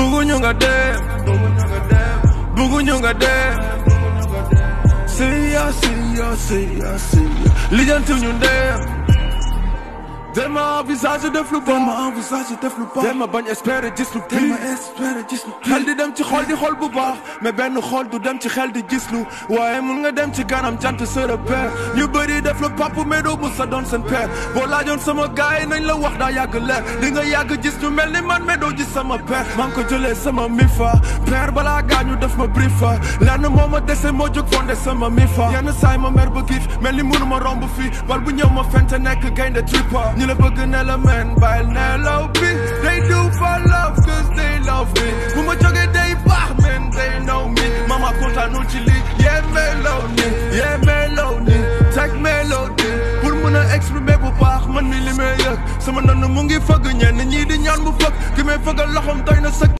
Bugu nyonga dem Bugu nyonga dem See ya, see ya, see ya, see ya Lijan tu nyun dem envisagé def lu bon teel ma envisagé def lu bon bañ espérer gis lu pire xel dem ci xol di xol bu baax mais benn xol du dem ci xel di gis lu waaye mu nga dem ci ganam jant sa repère ñu bëri def lu papu mais doo mus a doon seen père boo laajoon sama gaay nañ la wax daa yàgg leer di nga yàgg gis ñu mel ni man mais doo gis sama père maa ngi ko jëlee sama mi fa père balaa gaay ñu def ma brifa lenn moo ma dese moo jóg fondé sama mifa yenn saay ma mer ba giif mel ni mënu ma romb fii bal bu ñëw ma fente nekk gaynde tripa ñu la bëgg ne la men bàyyil nelaw bi they do for love cause they love me bu ma jógee day baax men they know me mama kontaanul ci lii yee melow ni yee melow ni teg melow ni pour mën a exprimer bu baax man mi li may yëg sama nan mu ngi fëgg ñenn ñii di ñaan mu fëgg ki may fëggal loxoom doy na sëkk